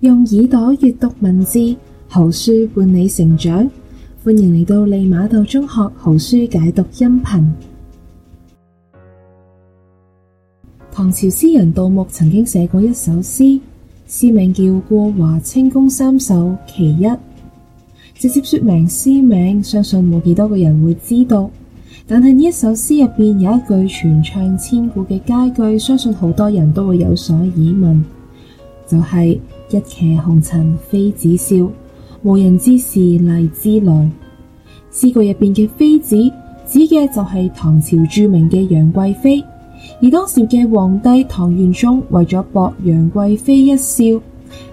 用耳朵閱讀文字，好書伴你成長。歡迎嚟到利瑪竇中學好書解讀音頻。唐朝詩人杜牧曾經寫過一首詩，詩名叫過《過華清宮三首其一》。直接說明詩名，相信冇幾多個人會知道。但係呢首詩入面有一句傳唱千古嘅佳句，相信好多人都會有所耳聞，就係、是。一騎紅塵妃子笑，無人知是荔枝來。詩句入邊嘅妃子指嘅就係唐朝著名嘅楊貴妃，而當時嘅皇帝唐玄宗為咗博楊貴妃一笑，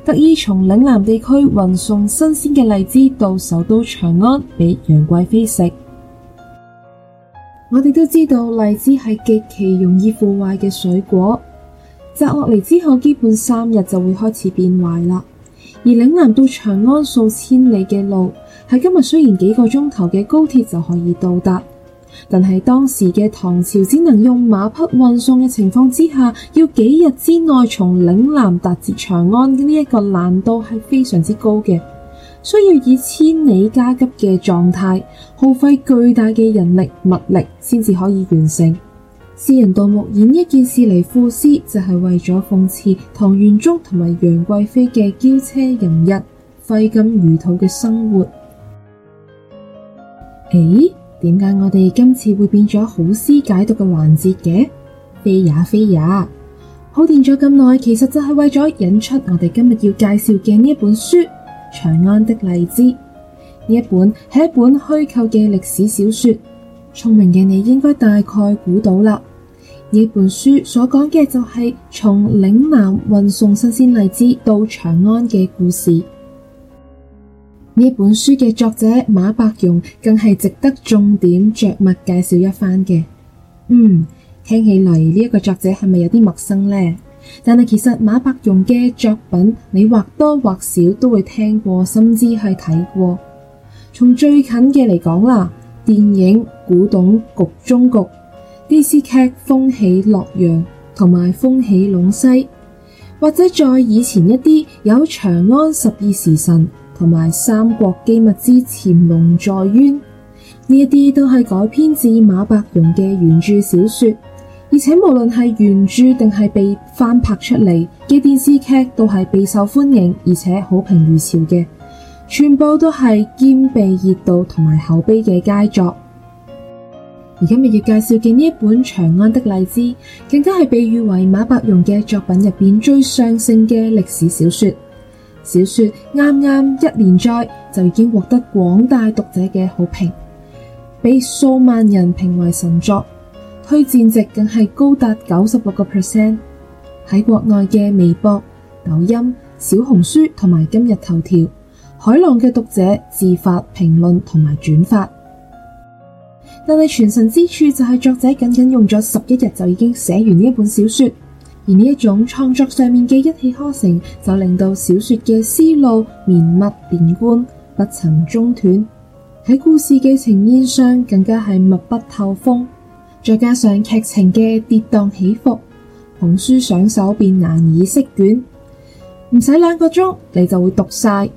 特意從嶺南地區運送新鮮嘅荔枝到首都長安畀楊貴妃食。 我哋都知道荔枝係極其容易腐壞嘅水果。摘落嚟之後，基本三日就會開始變壞啦。而嶺南到長安數千里嘅路，喺今日雖然幾個鐘頭嘅高鐵就可以到達，但係當時嘅唐朝只能用馬匹運送嘅情況之下，要幾日之內從嶺南達至長安嘅呢一個難度係非常之高嘅，需要以千里加急嘅狀態，耗費巨大嘅人力物力，先至可以完成。詩人杜牧演一件事嚟賦詩，就係、是、為咗諷刺唐玄宗同埋楊貴妃嘅驕奢淫逸、揮金如土嘅生活。誒、欸，點解我哋今次會變咗好詩解讀嘅環節嘅？非也非也，鋪墊咗咁耐，其實就係為咗引出我哋今日要介紹嘅呢一本書《長安的荔枝》。呢一本係一本虛構嘅歷史小說。聰明嘅你應該大概估到啦，呢本書所講嘅就係從嶺南運送新鮮荔枝到長安嘅故事。呢本書嘅作者馬伯庸更係值得重點着墨介紹一番嘅。嗯，聽起嚟呢一個作者係咪有啲陌生呢？但係其實馬伯庸嘅作品你或多或少都會聽過，甚至去睇過。從最近嘅嚟講啦。電影《古董局中局》、電視劇《風起洛陽》同埋《風起隴西》，或者再以前一啲有《長安十二時辰》同埋《三國機密之潛龍在淵》呢一啲，都係改編自馬伯庸嘅原著小說。而且無論係原著定係被翻拍出嚟嘅電視劇，都係備受歡迎，而且好評如潮嘅。全部都係兼備熱度同埋口碑嘅佳作。而今日要介紹嘅呢一本《長安的荔枝》，更加係被譽為馬伯庸嘅作品入邊最上乘嘅歷史小說。小說啱啱一連載就已經獲得廣大讀者嘅好評，被數萬人評為神作，推薦值更係高達九十六個 percent。喺國外嘅微博、抖音、小紅書同埋今日頭條。海浪嘅讀者自發評論同埋轉發，但係傳神之處就係作者僅僅用咗十一日就已經寫完呢一本小說。而呢一種創作上面嘅一氣呵成，就令到小說嘅思路綿密連貫，不曾中斷。喺故事嘅情面上更加係密不透風。再加上劇情嘅跌宕起伏，紅書上手便難以釋卷。唔使兩個鐘，你就會讀晒。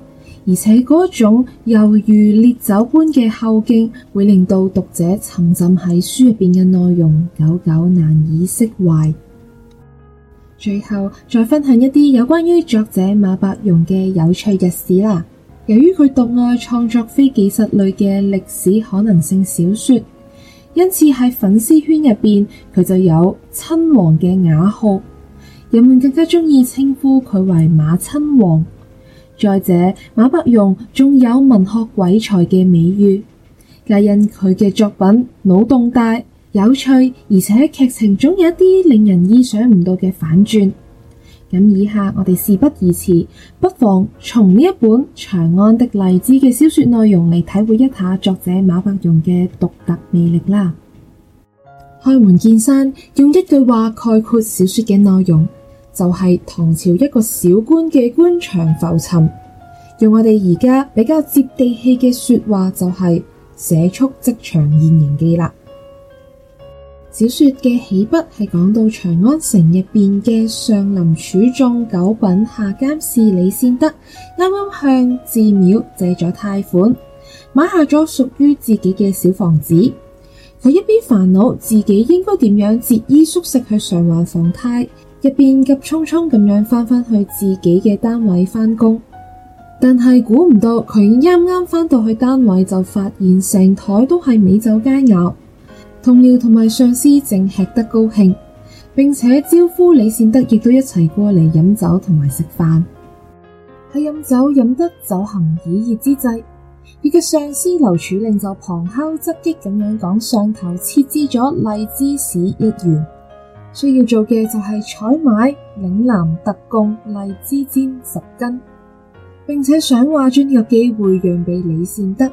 而且嗰種猶如烈酒般嘅後勁，會令到讀者沉浸喺書入邊嘅內容，久久難以釋懷。最後再分享一啲有關於作者馬伯庸嘅有趣歷史啦。由於佢獨愛創作非紀實類嘅歷史可能性小說，因此喺粉絲圈入邊，佢就有親王嘅雅號，人們更加鍾意稱呼佢為馬親王。再者，馬伯庸仲有文學鬼才嘅美譽，皆因佢嘅作品腦洞大、有趣，而且劇情總有一啲令人意想唔到嘅反轉。咁以下我哋事不宜遲，不妨從呢一本《長安的荔枝》嘅小說內容嚟體會一下作者馬伯庸嘅獨特魅力啦。開門見山，用一句話概括小說嘅內容。就係唐朝一個小官嘅官場浮沉，用我哋而家比較接地氣嘅說話，就是，就係寫出職場現形記啦。小說嘅起筆係講到長安城入邊嘅上林署從九品下監事李善德，啱啱向寺廟借咗貸款買下咗屬於自己嘅小房子。佢一邊煩惱自己應該點樣節衣縮食去償還房貸。入邊急匆匆咁樣返返去自己嘅單位返工，但係估唔到佢啱啱返到去單位就發現成台都係美酒佳肴，同僚同埋上司正吃得高興，並且招呼李善德亦都一齊過嚟飲酒同埋食飯。喺飲酒飲得酒行耳熱之際，佢嘅上司劉柱令就旁敲側擊咁樣講上頭設置咗荔枝使一員。需要做嘅就係採買嶺南特供荔枝尖十斤，並且想話將呢個機會讓俾李善德。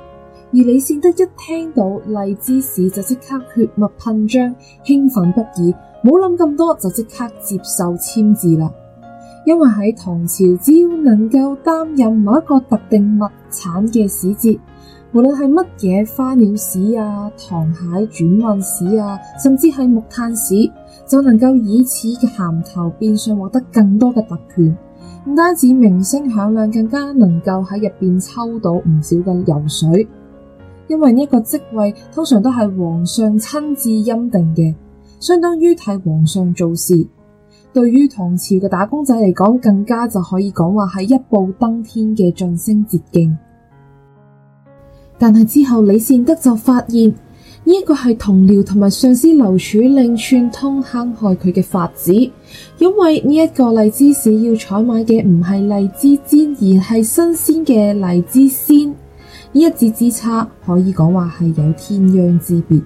而李善德一聽到荔枝使就即刻血脈噴張，興奮不已，冇諗咁多就即刻接受簽字啦。因為喺唐朝，只要能夠擔任某一個特定物產嘅使節，無論係乜嘢花鳥使啊、糖蟹轉運使啊，甚至係木炭使。就能夠以此嘅銜頭變相獲得更多嘅特權，唔單止名聲響亮，更加能夠喺入邊抽到唔少嘅油水。因為呢個職位通常都係皇上親自欽定嘅，相當於替皇上做事。對於唐朝嘅打工仔嚟講，更加就可以講話係一步登天嘅晉升捷徑。但係之後李善德就發現。呢一個係同僚同埋上司劉署令串通坑害佢嘅法子，因為呢一個荔枝使要採買嘅唔係荔枝煎，而係新鮮嘅荔枝鮮。呢一字之差，可以講話係有天壤之別。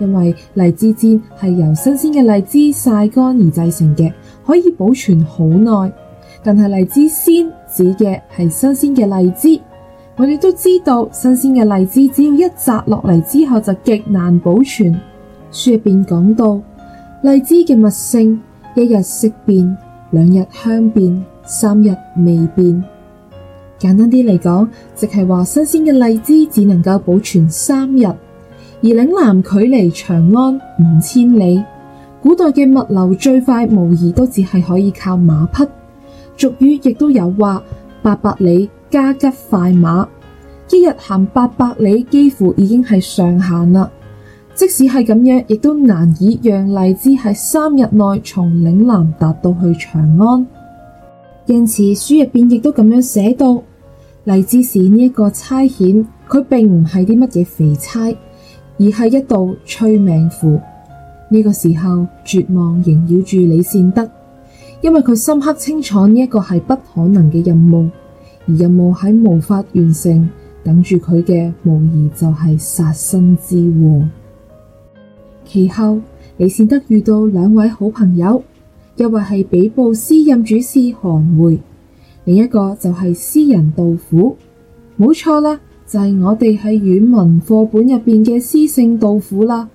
因為荔枝煎係由新鮮嘅荔枝晒乾而製成嘅，可以保存好耐，但係荔枝鮮指嘅係新鮮嘅荔枝。我哋都知道新鮮嘅荔枝，只要一摘落嚟之後就極難保存。書入邊講到荔枝嘅物性，一日色變，兩日香變，三日味變。簡單啲嚟講，即係話新鮮嘅荔枝只能夠保存三日。而嶺南距離長安五千里，古代嘅物流最快無疑都只係可以靠馬匹。俗語亦都有話八百里。加急快馬，一日行八百里，幾乎已經係上限啦。即使係咁樣，亦都難以讓荔枝喺三日內從嶺南達到去長安。因此，書入邊亦都咁樣寫到，荔枝使呢一個差遣，佢並唔係啲乜嘢肥差，而係一道催命符。呢個時候，絕望縈繞住李善德，因為佢深刻清楚呢一個係不可能嘅任務。而任務喺無法完成，等住佢嘅無疑就係殺身之禍。其後李善德遇到兩位好朋友，一位係比布斯任主事韓會，另一個就係詩人杜甫。冇錯啦，就係、是、我哋喺語文課本入邊嘅詩聖杜甫啦。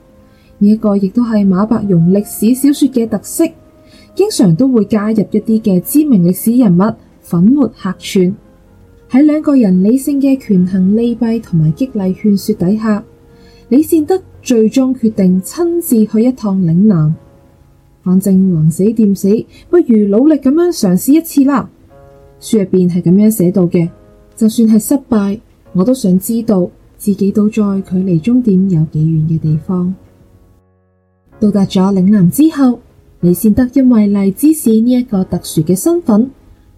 呢一個亦都係馬伯庸歷史小說嘅特色，經常都會加入一啲嘅知名歷史人物粉墨客串。喺兩個人理性嘅權衡利弊同埋激勵勸說底下，李善德最終決定親自去一趟嶺南。反正橫死掂死，不如努力咁樣嘗試一次啦。書入邊係咁樣寫到嘅：就算係失敗，我都想知道自己到咗距離終點有幾遠嘅地方。到達咗嶺南之後，李善德因為荔枝使呢一個特殊嘅身份。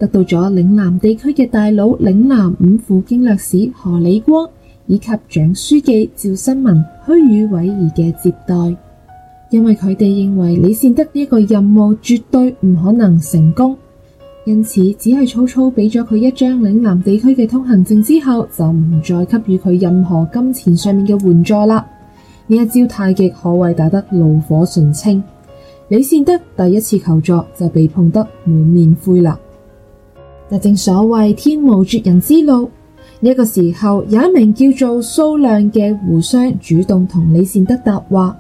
得到咗嶺南地區嘅大佬嶺南五府經略使何李光以及蔣書記趙新文虛與委蛇嘅接待，因為佢哋認為李善德呢個任務絕對唔可能成功，因此只係粗粗俾咗佢一張嶺南地區嘅通行證之後，就唔再給予佢任何金錢上面嘅援助啦。呢一招太極可謂打得爐火純青，李善德第一次求助就被碰得滿面灰啦。但正所謂天無絕人之路，呢、這個時候有一名叫做蘇亮嘅胡商主動同李善德搭話，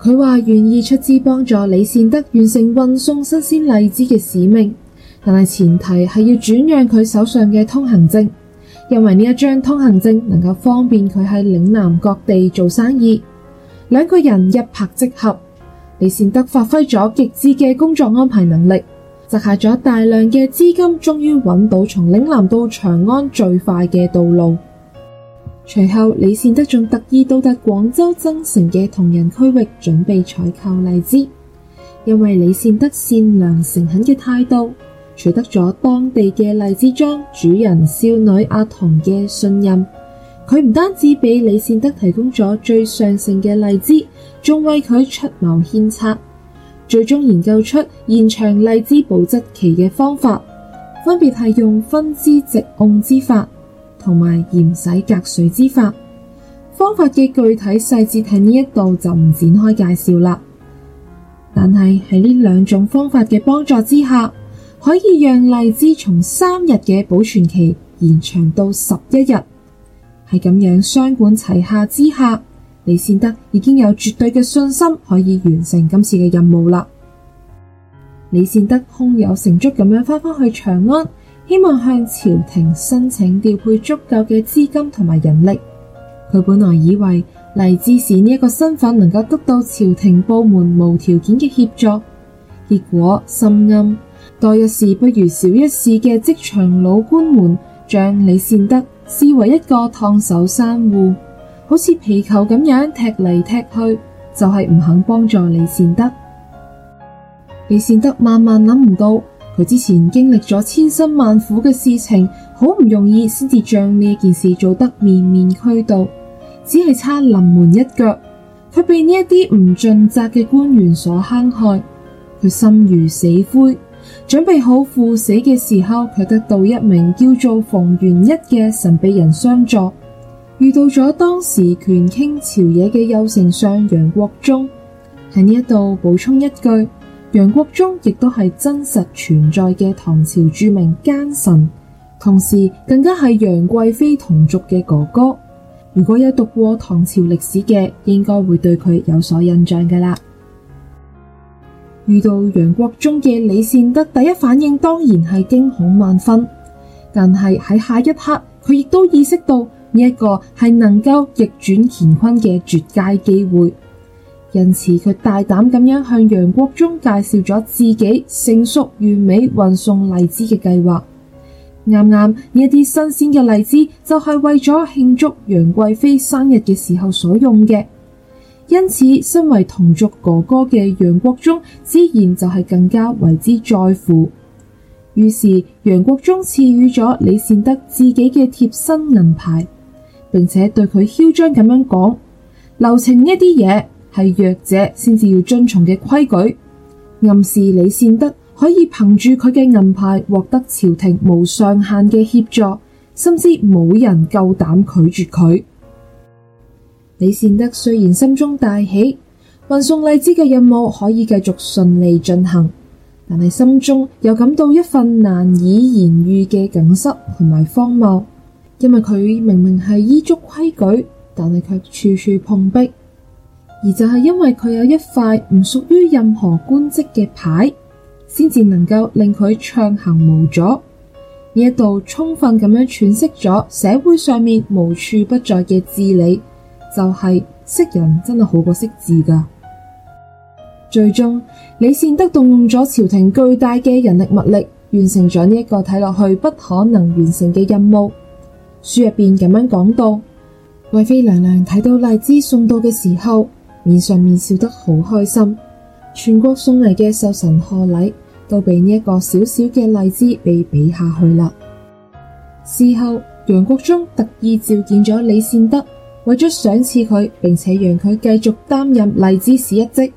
佢話願意出資幫助李善德完成運送新鮮荔枝嘅使命，但係前提係要轉讓佢手上嘅通行證，因為呢一張通行證能夠方便佢喺嶺南各地做生意。兩個人一拍即合，李善德發揮咗極致嘅工作安排能力。集下咗大量嘅資金，終於揾到從嶺南到長安最快嘅道路。隨後，李善德仲特意到達廣州增城嘅同仁區域，準備採購荔枝。因為李善德善良誠懇嘅態度，取得咗當地嘅荔枝莊主人少女阿棠嘅信任。佢唔單止俾李善德提供咗最上乘嘅荔枝，仲為佢出謀獻策。最終研究出延長荔枝保質期嘅方法，分別係用分枝植甕之法，同埋鹽洗隔水之法。方法嘅具體細節喺呢一度就唔展開介紹啦。但係喺呢兩種方法嘅幫助之下，可以讓荔枝從三日嘅保存期延長到十一日。係咁樣雙管齊下之下。李善德已經有絕對嘅信心，可以完成今次嘅任務啦。李善德胸有成竹咁樣返返去長安，希望向朝廷申請調配足夠嘅資金同埋人力。佢本來以為荔枝使呢一個身份能夠得到朝廷部門無條件嘅協助，結果深諳多一事不如少一事嘅職場老官們，將李善德視為一個燙手山芋。好似皮球咁樣踢嚟踢去，就係唔肯幫助李善德。李善德萬萬諗唔到，佢之前經歷咗千辛萬苦嘅事情，好唔容易先至將呢件事做得面面俱到，只係差臨門一腳，佢被呢一啲唔盡責嘅官員所坑害，佢心如死灰，準備好赴死嘅時候，佢得到一名叫做馮元一嘅神秘人相助。遇到咗當時權傾朝野嘅右丞相楊國忠。喺呢一度補充一句，楊國忠亦都係真實存在嘅唐朝著名奸臣，同時更加係楊貴妃同族嘅哥哥。如果有讀過唐朝歷史嘅，應該會對佢有所印象㗎喇。遇到楊國忠嘅李善德，第一反應當然係驚恐萬分，但係喺下一刻，佢亦都意識到。呢一個係能夠逆轉乾坤嘅絕佳機會，因此佢大膽咁樣向楊國忠介紹咗自己成熟完美運送荔枝嘅計劃。啱啱呢一啲新鮮嘅荔枝就係為咗慶祝楊貴妃生日嘅時候所用嘅，因此身為同族哥哥嘅楊國忠自然就係更加為之在乎。於是楊國忠賜予咗李善德自己嘅貼身銀牌。並且對佢囂張咁樣講，流程呢一啲嘢係弱者先至要遵從嘅規矩，暗示李善德可以憑住佢嘅銀牌獲得朝廷無上限嘅協助，甚至冇人夠膽拒絕佢。李善德雖然心中大喜，運送荔枝嘅任務可以繼續順利進行，但係心中又感到一份難以言喻嘅梗塞同埋荒謬。因為佢明明係依足規矩，但係卻處處碰壁，而就係因為佢有一塊唔屬於任何官職嘅牌，先至能夠令佢暢行無阻。呢度充分咁樣詮釋咗社會上面無處不在嘅治理，就係、是、識人真係好過識字噶。最終，李善德動用咗朝廷巨大嘅人力物力，完成咗呢一個睇落去不可能完成嘅任務。書入邊咁樣講到，貴妃娘娘睇到荔枝送到嘅時候，面上面笑得好開心。全國送嚟嘅壽辰賀禮，都被呢一個小小嘅荔枝被比下去啦。事後，楊國忠特意召見咗李善德，為咗賞賜佢，並且讓佢繼續擔任荔枝使一職。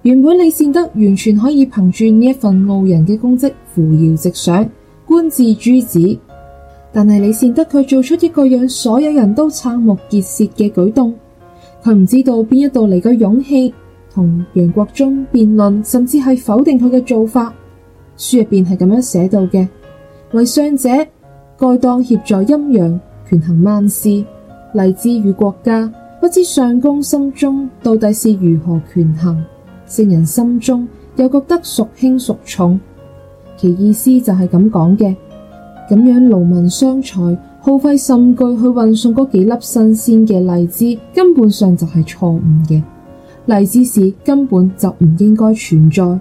原本李善德完全可以憑住呢一份傲人嘅功績扶搖直上，官至朱紫。但係李善德佢做出一個讓所有人都瞠目結舌嘅舉動，佢唔知道邊一度嚟嘅勇氣，同楊國忠辯論，甚至係否定佢嘅做法。書入邊係咁樣寫到嘅：，為上者該當協助陰陽權衡萬事，勵志於國家。不知上公心中到底是如何權衡，聖人心中又覺得孰輕孰重？其意思就係咁講嘅。咁樣勞民傷財，耗費甚巨去運送嗰幾粒新鮮嘅荔枝，根本上就係錯誤嘅。荔枝使根本就唔應該存在。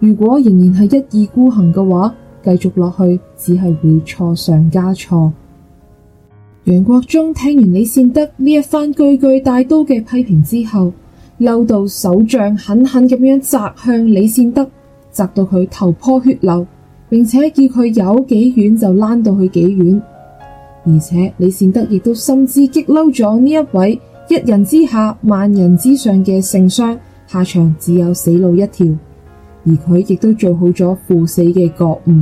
如果仍然係一意孤行嘅話，繼續落去只係會錯上加錯。楊國忠聽完李善德呢一番句句大刀嘅批評之後，嬲到手杖狠狠咁樣砸向李善德，砸到佢頭破血流。並且叫佢有幾遠就滾到去幾遠，而且李善德亦都深知激嬲咗呢一位一人之下萬人之上嘅丞相，下場只有死路一條。而佢亦都做好咗赴死嘅覺悟。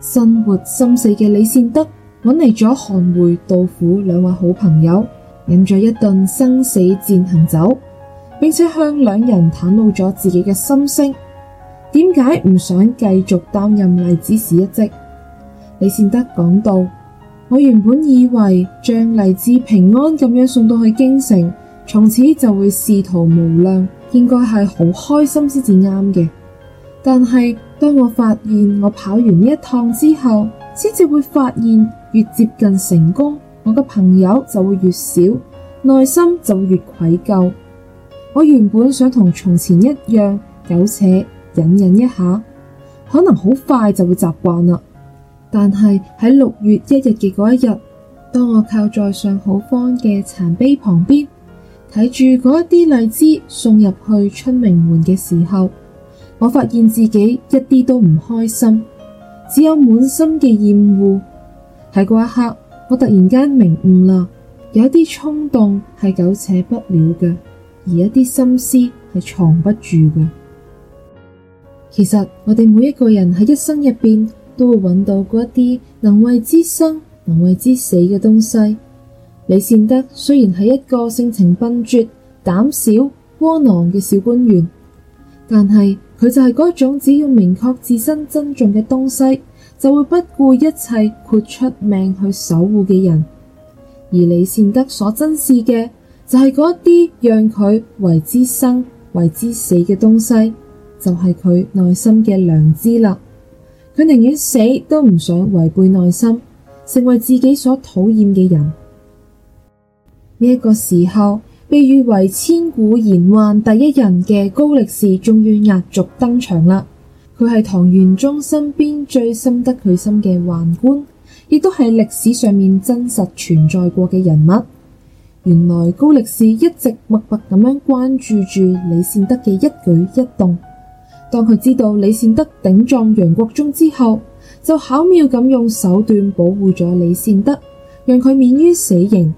生活心死嘅李善德揾嚟咗韓洄、杜甫兩位好朋友，飲咗一頓生死餞行酒，並且向兩人袒露咗自己嘅心聲。點解唔想繼續擔任荔枝使一職？李善德講到：我原本以為將荔枝平安咁樣送到去京城，從此就會仕途無量，應該係好開心先至啱嘅。但係當我發現我跑完呢一趟之後，先至會發現越接近成功，我個朋友就會越少，內心就越愧疚。我原本想同從前一樣苟且。隱忍一下，可能好快就會習慣啦。但係喺六月一日嘅嗰一日，當我靠在上好坊嘅殘碑旁邊，睇住嗰一啲荔枝送入去春明門嘅時候，我發現自己一啲都唔開心，只有滿心嘅厭惡。喺嗰一刻，我突然間明悟啦，有一啲衝動係苟且不了嘅，而一啲心思係藏不住嘅。其實我哋每一個人喺一生入邊都會揾到嗰一啲能為之生、能為之死嘅東西。李善德雖然係一個性情笨拙、膽小、窩囊嘅小官員，但係佢就係嗰一種只要明確自身珍重嘅東西，就會不顧一切豁出命去守護嘅人。而李善德所珍視嘅就係嗰啲讓佢為之生、為之死嘅東西。就係佢內心嘅良知啦。佢寧願死都唔想違背內心，成為自己所討厭嘅人。呢、這、一個時候，被譽為千古賢宦第一人嘅高力士，終於壓軸登場啦。佢係唐玄宗身邊最深得佢心嘅宦官，亦都係歷史上面真實存在過嘅人物。原來高力士一直默默咁樣關注住李善德嘅一舉一動。當佢知道李善德頂撞楊國忠之後，就巧妙咁用手段保護咗李善德，讓佢免於死刑。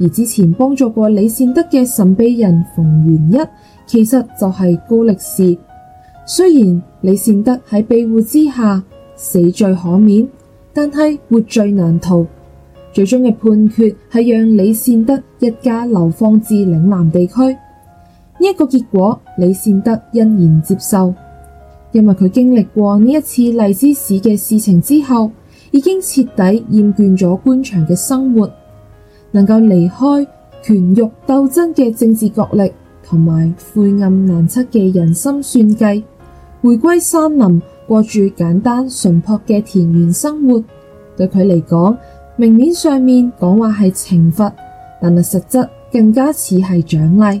而之前幫助過李善德嘅神秘人馮元一，其實就係高力士。雖然李善德喺庇護之下死罪可免，但係活罪難逃。最終嘅判決係讓李善德一家流放至嶺南地區。呢、這、一個結果，李善德欣然接受。因為佢經歷過呢一次荔枝使嘅事情之後，已經徹底厭倦咗官場嘅生活，能夠離開權慾鬥爭嘅政治角力，同埋晦暗難測嘅人心算計，回歸山林，過住簡單淳樸嘅田園生活，對佢嚟講，明面上面講話係懲罰，但係實質更加似係獎勵。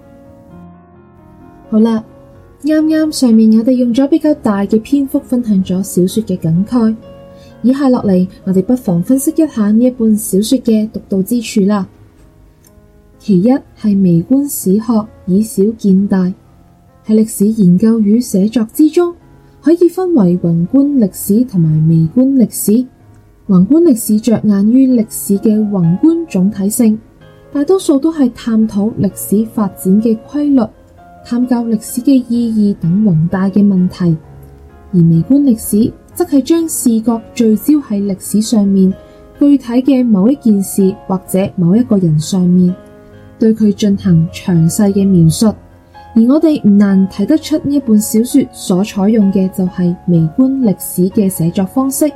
好啦，啱啱上面我哋用咗比較大嘅篇幅分享咗小說嘅梗概。以下落嚟，我哋不妨分析一下呢一本小說嘅獨到之處啦。其一係微觀史學，以小見大，喺歷史研究與寫作之中可以分為宏觀歷史同埋微觀歷史。宏觀歷史着眼於歷史嘅宏觀總體性，大多數都係探討歷史發展嘅規律。探究歷史嘅意義等宏大嘅問題，而微觀歷史則係將視覺聚焦喺歷史上面，具體嘅某一件事或者某一個人上面，對佢進行詳細嘅描述。而我哋唔難睇得出呢本小說所採用嘅就係微觀歷史嘅寫作方式，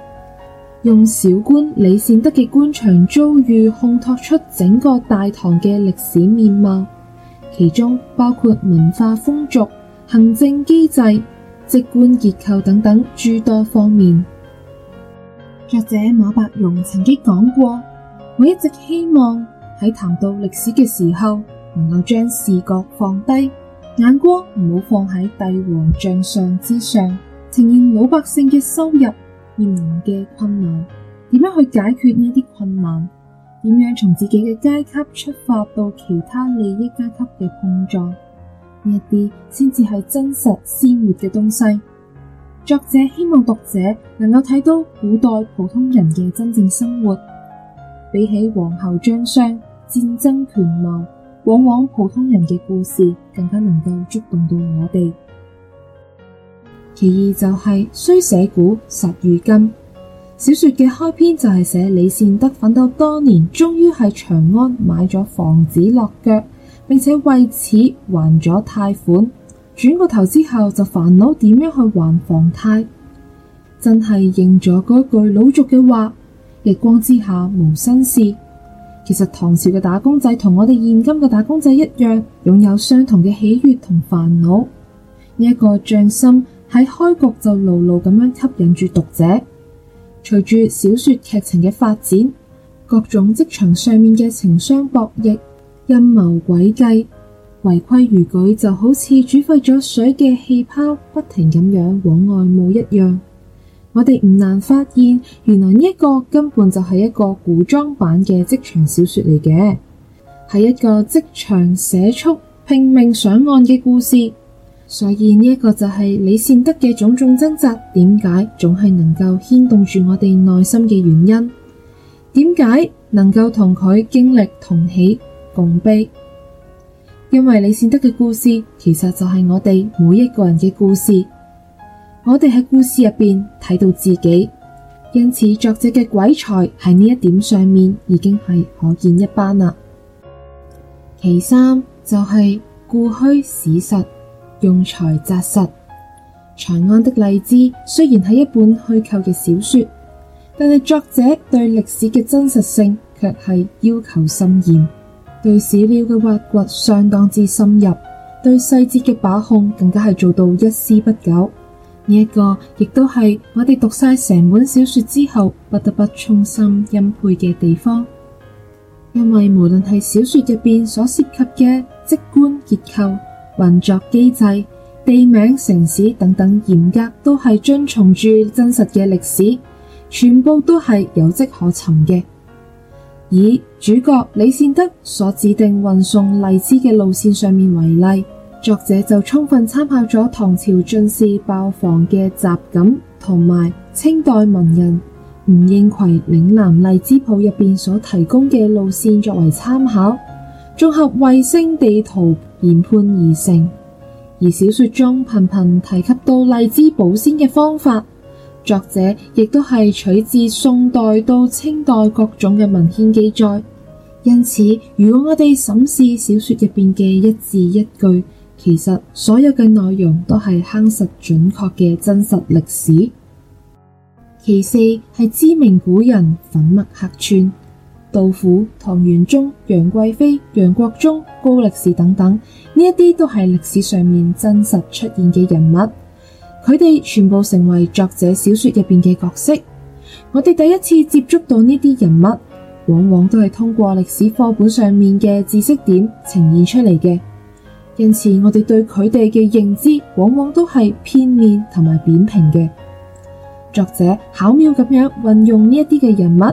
用小官李善德嘅官場遭遇烘托出整個大唐嘅歷史面貌。其中包括文化風俗、行政機制、直觀結構等等諸多方面。作者馬伯庸曾經講過：我一直希望喺談到歷史嘅時候，能夠將視角放低，眼光唔好放喺帝王將相之上，呈現老百姓嘅收入面臨嘅困難，點樣去解決呢啲困難。點樣從自己嘅階級出發到其他利益階級嘅碰撞，呢一啲先至係真實鮮活嘅東西。作者希望讀者能夠睇到古代普通人嘅真正生活，比起皇后將相、戰爭權謀，往往普通人嘅故事更加能夠觸動到我哋。其二就係，雖寫古，實如今。小說嘅開篇就係寫李善德奮鬥多年，終於喺長安買咗房子落腳，並且為此還咗貸款。轉過頭之後就煩惱點樣去還房貸，真係應咗嗰句老俗嘅話，日光之下無新事。其實唐朝嘅打工仔同我哋現今嘅打工仔一樣，擁有相同嘅喜悅同煩惱。呢一個匠心喺開局就牢牢咁樣吸引住讀者。隨住小說劇情嘅發展，各種職場上面嘅情商博弈、陰謀詭計、違規逾矩，就好似煮沸咗水嘅氣泡不停咁樣往外冒一樣。我哋唔難發現，原來呢個根本就係一個古裝版嘅職場小說嚟嘅，係一個職場社畜拼命上岸嘅故事。所以呢一個就係李善德嘅種種掙扎，點解總係能夠牽動住我哋內心嘅原因？點解能夠同佢經歷同喜共悲？因為李善德嘅故事，其實就係我哋每一個人嘅故事。我哋喺故事入邊睇到自己，因此作者嘅鬼才喺呢一點上面已經係可見一斑啦。其三就係故虛史實。用材扎實，長安的荔枝雖然係一本虛構嘅小說，但係作者對歷史嘅真實性卻係要求甚嚴，對史料嘅挖掘相當之深入，對細節嘅把控更加係做到一絲不苟。呢、這、一個亦都係我哋讀晒成本小說之後不得不衷心欽佩嘅地方，因為無論係小說入邊所涉及嘅職官結構。運作機制、地名、城市等等，嚴格都係遵從住真實嘅歷史，全部都係有跡可尋嘅。以主角李善德所指定運送荔枝嘅路線上面為例，作者就充分參考咗唐朝進士鮑防嘅雜感，同埋清代文人吳應奎《嶺南荔枝譜》入邊所提供嘅路線作為參考，綜合衛星地圖。研判而成，而小說中頻頻提及到荔枝保鮮嘅方法，作者亦都係取自宋代到清代各種嘅文獻記載。因此，如果我哋審視小說入邊嘅一字一句，其實所有嘅內容都係夯實準確嘅真實歷史。其四係知名古人粉墨客串。杜甫、唐玄宗、楊貴妃、楊國忠、高力士等等，呢一啲都係歷史上面真實出現嘅人物，佢哋全部成為作者小說入邊嘅角色。我哋第一次接觸到呢啲人物，往往都係通過歷史課本上面嘅知識點呈現出嚟嘅，因此我哋對佢哋嘅認知往往都係片面同埋扁平嘅。作者巧妙咁樣運用呢一啲嘅人物。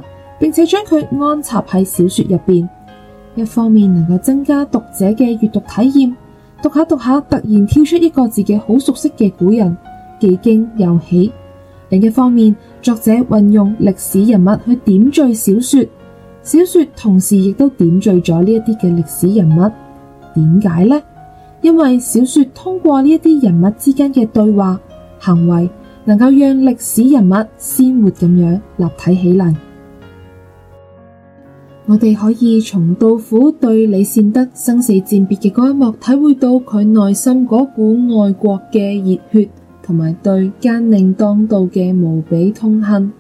並且將佢安插喺小說入邊，一方面能夠增加讀者嘅閱讀體驗，讀下讀下突然跳出一個自己好熟悉嘅古人，既驚又喜。另一方面，作者運用歷史人物去點綴小說，小說同時亦都點綴咗呢一啲嘅歷史人物。點解呢？因為小說通過呢一啲人物之間嘅對話行為，能夠讓歷史人物鮮活咁樣立體起嚟。我哋可以從杜甫對李善德生死戰別嘅嗰一幕，體會到佢內心嗰股愛國嘅熱血，同埋對奸佞當道嘅無比痛恨，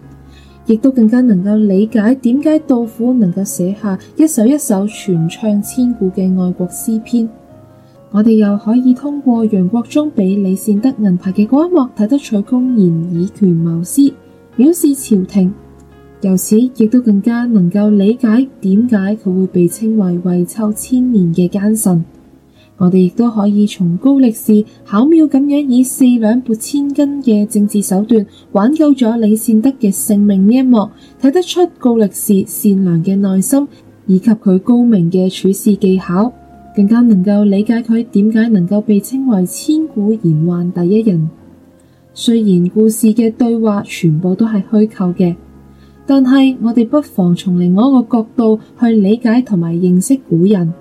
亦都更加能夠理解點解杜甫能夠寫下一首一首傳唱千古嘅愛國詩篇。我哋又可以通過楊國忠俾李善德銀牌嘅嗰一幕，睇得出公然以權謀私，表示朝廷。由此亦都更加能夠理解點解佢會被稱為遺臭千年嘅奸臣。我哋亦都可以從高力士巧妙咁樣以四兩撥千斤嘅政治手段挽救咗李善德嘅性命呢一幕，睇得出高力士善良嘅內心以及佢高明嘅處事技巧，更加能夠理解佢點解能夠被稱為千古賢宦第一人。雖然故事嘅對話全部都係虛構嘅。但係，我哋不妨從另外一個角度去理解同埋認識古人，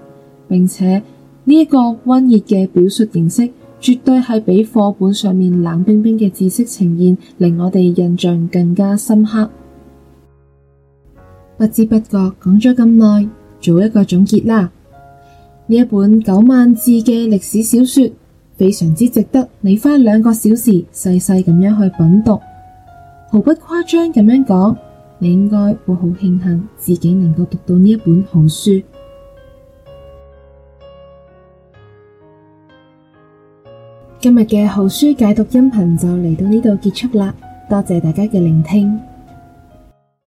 並且呢一個溫熱嘅表述形式，絕對係比課本上面冷冰冰嘅知識呈現，令我哋印象更加深刻。不知不覺講咗咁耐，做一個總結啦。呢一本九萬字嘅歷史小說，非常之值得你花兩個小時細細咁樣去品讀，毫不誇張咁樣講。你應該會好慶幸自己能夠讀到呢一本好書。今日嘅好書解讀音頻就嚟到呢度結束喇，多謝大家嘅聆聽。